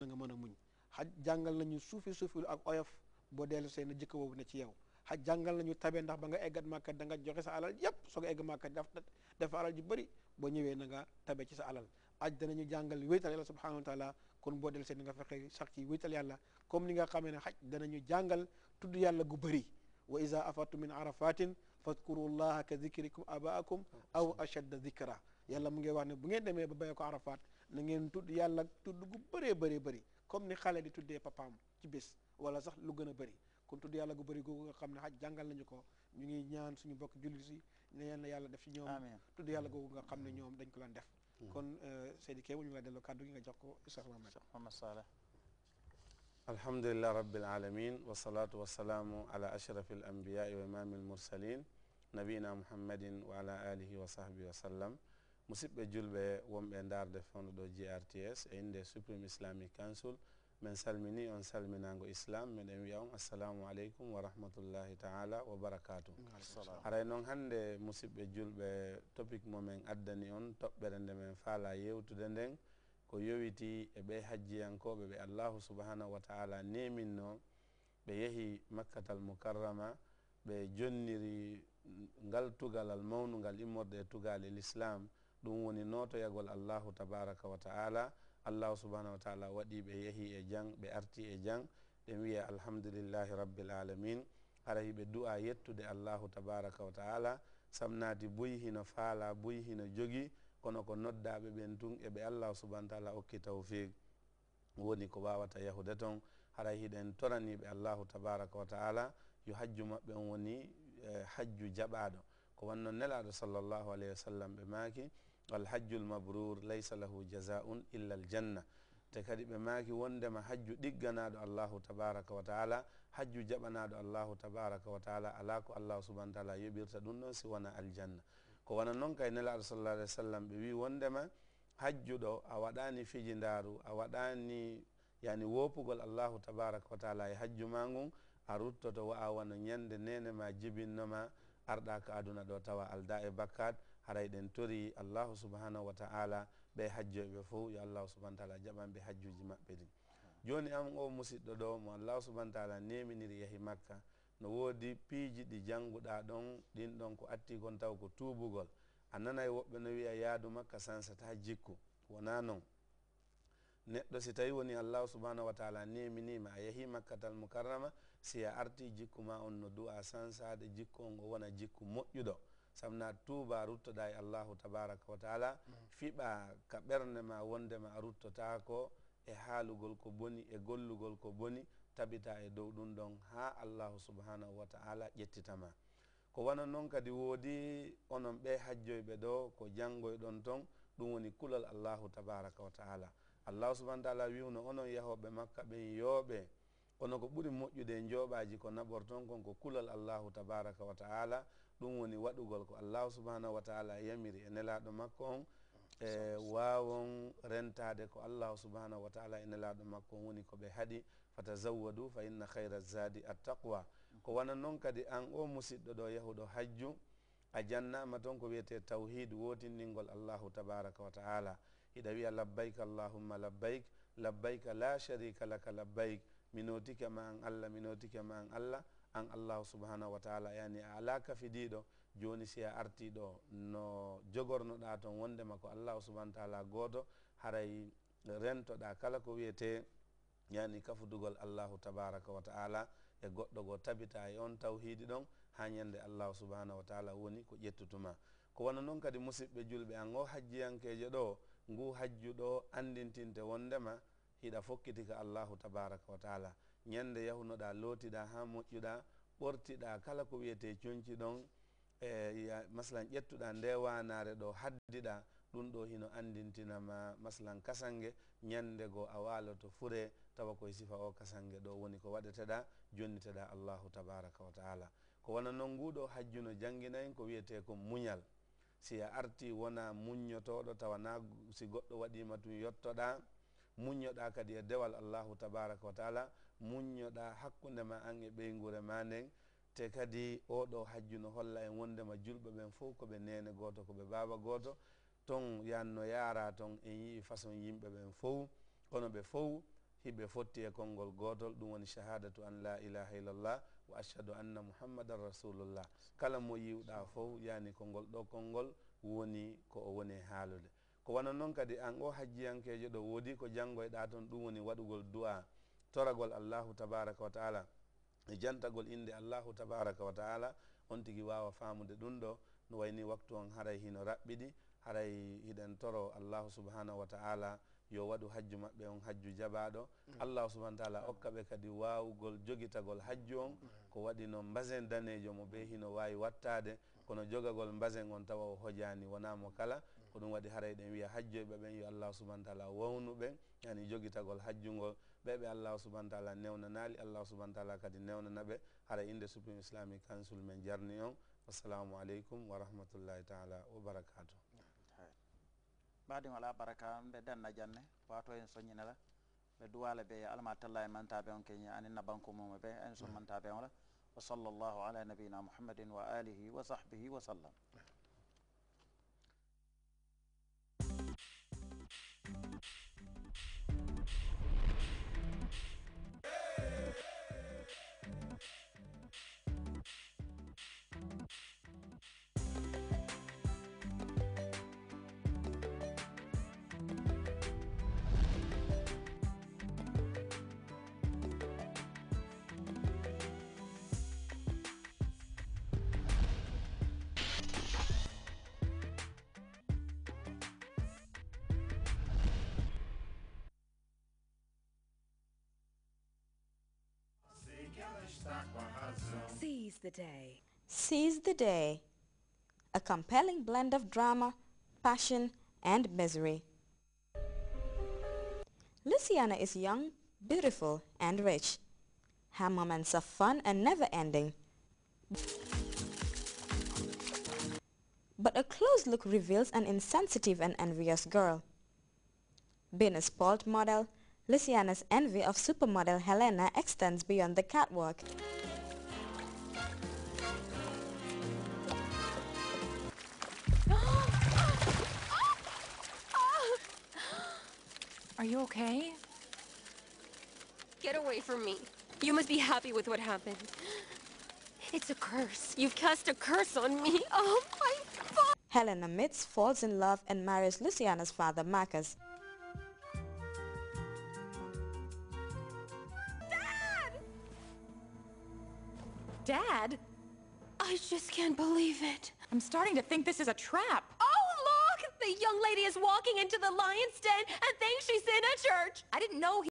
na nga mën a muñ xaj jàngal nañu suufi suufi lu ak oyof boo dellu see na jikko boobu ne ci yow xaj jàngal nañu tabee ndax ba nga eggat màkkat da nga joxe sa alal yépp soo ko egg màkkat daf dafa alal ju bëri boo ñëwee na nga tabe ci sa alal aj ñu jàngal wéetal yàlla subhanahu wa taala kon boo dellu see na nga fexe sax ci wéetal yàlla comme ni nga xamee ne xaj ñu jàngal tudd yàlla gu bëri wa iza afattu min arafatin fadkuru llaha ka zikrikum abaakum aw ashadda zikra yàlla mu ngi wax ne bu ngeen demee ba béye ko arafat na ngeen tudd yàlla tudd gu bëree bëri bëri comme ni xale di tuddee papaam ci bés wala sax lu gën a bëri kon tudd yàlla gu bëri googu nga xam ne xaj jàngal nañu ko ñu ngi ñaan suñu bokk jullit si ne yàlla yàlla def ci ñoom tudd yàlla googu nga xam ne ñoom dañ ko daan def kon Seydi Kébé ñu ngi la delloo kàddu gi nga jox ko Cheikh Mohamed Mohamed Saleh alhamdulilah rabbil alamin wasalaatu wasalaamu ala ashrafi al anbiyaai wa imaami al mursalin nabiyina muhammadin wa ala alihi wa sahbihi wa sallam musidɓe julɓe wonɓe darde fewno ɗo grts e inde supreme islamic council min salmini on salminago islam miɗen wiya on assalamu aleykum wa rahmatullahi taala wa barakatu aray noon hannde musidɓe julɓe topic momin addani on toɓɓere nde min faala yewtude nden ko yowiti e ɓe hajjiyankoɓe ɓe allahu subahanahu wa taala neminno ɓe yehi makkatal mukarrama ɓe jonniri ngal tugalal mawnugal immorde e tugal el islam ɗum woni notoyagol allahu tabaraka wa taala allahu subahanahu wa taala waɗi ɓe yehi e jang ɓe arti e jang ɓe wiya alhamdulillahi rabbil alamin arahi ɓe du'a yettude allahu tabaraka wa taala samnadi buy hino faala buy hino jogi kono ko noddaɓe ɓen tun eɓe allahu subahanau taala okki tawfiq woni ko wawata yahude ton hara hiɗen toraniɓe allahu tabaraka wa taala yo hajju mabɓe on woni eh, hajju jaɓaɗo ko wanno nelaɗo sallllahu alayhi wa sallam ɓe maki والحج المبرور ليس له جزاء إلا الجنة تكاد بماكي وندما حج دقنا الله تبارك وتعالى حج جبنا الله تبارك وتعالى علاكو الله سبحانه وتعالى يبير تدون سوانا الجنة كوانا ننكا إن الله صلى الله عليه وسلم بيبي وندما حج دو أوداني في جندارو أوداني يعني ووبو الله تبارك وتعالى يحج مانغون أردتو وآوانا نيند نينما جبنما أردك أدونا دو توا الداء بكات hara eɗen tori allahu subhanahu wa taala ɓe hajjoɓe fo yo allahu subahanau taala jaɓanɓe hajjuji maɓɓe ɗin joni am o musidɗo ɗo mo allahu subahanau taala neminiri yahi makka no woodi piiji ɗi janguɗa ɗon ɗin ɗon ko atti kon taw ko tubugol a nanay woɓɓe no wiya yaadu makka sansata jikku wona noon neɗɗo si tawi woni allahu subahanahu wa taala neminima a yeehi makkatal mo karrama si a arti jikku ma on no du'a sansade jikku on o wona jikku moƴƴuɗo sabu na tuuba ruttoɗa e allahu tabaraka wa taala mm. fiɓa ka ɓernde ma wondema a ruttotako e haalugol ko boni e gollugol ko boni tabita e dow ɗum ɗon ha allahu subhanahu wa taala ƴettitama ko wana noon kadi woodi onon ɓe hajjoyɓe ɗo ko janngoyɗon ton ɗum woni kulal allahu tabaraka wa taala allahu subahanau taala wiwno onon yahoɓe makka ɓen yooɓe kono ko ɓuri moƴƴude e jooɓaji ko naɓor ton kon ko kulal allahu tabaraka wa taala ɗum woni waɗugol ko allahu subahanahu wa taala yamiri e nelaɗo makko on e wawon rentade ko allahu subahanahu wa taala e nelaɗo makko on woni koɓe haaɗi fatazawwadu fa inna hayra zadi attaqwa ko wana noon kadi an o musidɗo ɗo yahuɗo hajju a jannama toon ko wiyete tawhid wotinningol allahu tabaraka wa taala hiɗa wiya labbayk allahumma labbayk labbayka la sharika laka labbayk mi notika ma an allah mi notika ma an allah an allahu subahanahu wa taala yani a ala kafidiɗo joni si a artiɗo no jogornoɗa toon wondema ko allahu subahanau taala goto haray rentoɗa kala ko wiyete yani kafudugol allahu tabaraka wa taala e goɗɗo go tabita e on tawhiɗi ɗon ha ñande allahu subahanahu wa taala woni ko ƴettutuma ko wona noon kadi musidɓe julɓe an o hajjiyankeje ɗo ngu hajjuɗo andintinte wondema hiɗa fokkiti ka allahu tabaraka wa taala ñande yahunoɗa lootiɗa ha moƴƴuɗa ɓortiɗa kala ko wiyete coñci ɗon e maslan ƴettuɗa nde wanare ɗo haddiɗa ɗum ɗo hino andintinama maslan kasange ñandego a waloto fure tawa koye sifa o kasange ɗo woni ko waɗeteɗa jonniteɗa allahu tabaraka wa taala ko wona noon nguɗo hajjuno jangguinayi ko wiyete ko muñal si a arti wona muññotoɗo tawa na si goɗɗo waɗima tum yottoɗa muññoɗa kadi e dewal allahu tabaraka wa taala muññoɗa hakkundema an e ɓeygure ma nden te kadi oɗo hajjuno holla en wondema julɓe ɓen fof koɓe nene goto koɓe baba goto ton yanno yara ton en yii façon yimɓe ɓen fof kono ɓe fof hiɓe fotti e konngol gotol ɗum woni shahadatu an la ilaha illallah wa ashhadu anna muhammadan rasulullah kala mo yiwɗa fof yani kongol ɗo konngol woni ko o woni haalude ko wona noon kadi an o hajjiyankejo ɗo woodi ko janggoye ɗa toon ɗum woni waɗugol du'a toragol allahu tabaraka wa taala e jantagol inde allahu tabaraka wa taala on tigui wawa famude ɗum ɗo no wayni waktu on haray hino raɓɓiɗi haray hiɗen toro allahu subhanahu wa taala yo waɗu hajju maɓɓe on hajju jaɓaɗo mm. allahu subahana taala hokkaɓe kadi wawugol joguitagol hajju on mm. ko waɗi no basin danejo mo ɓe hino wawi wattade mm. kono jogagol basin on tawa o hojani wonamo kala ko ɗum waɗi haray ɗen wiya be ben yo allah subhanahu wa taala wawnu ɓen yani jogitagol hajjungol be be allah subhanahu wa taala newna nali allah subhanahu wa taala kadi newna nabe hara inde supreme islamic council men jarni on assalamu aleykum wa rahmatullahi taala wa barakatuh mbaɗi wala baraka mbe danna janne wato en soñinala ɓe duwala ɓe alma talla e mantaɓe on keña anin na banque mume ɓe en son mantaɓe on la wa sallllahu ala nabina muhammadin wa alihi wa the Day. Seize the Day. A compelling blend of drama, passion, and misery. Luciana is young, beautiful, and rich. Her moments are fun and never-ending. But a close look reveals an insensitive and envious girl. Being a spoiled model, Luciana's envy of supermodel Helena extends beyond the catwalk. Are you okay? Get away from me. You must be happy with what happened. It's a curse. You've cast a curse on me. Oh, my God. Helena Mitz falls in love and marries Luciana's father, Marcus. Dad! Dad? I just can't believe it. I'm starting to think this is a trap the young lady is walking into the lion's den and thinks she's in a church. I didn't know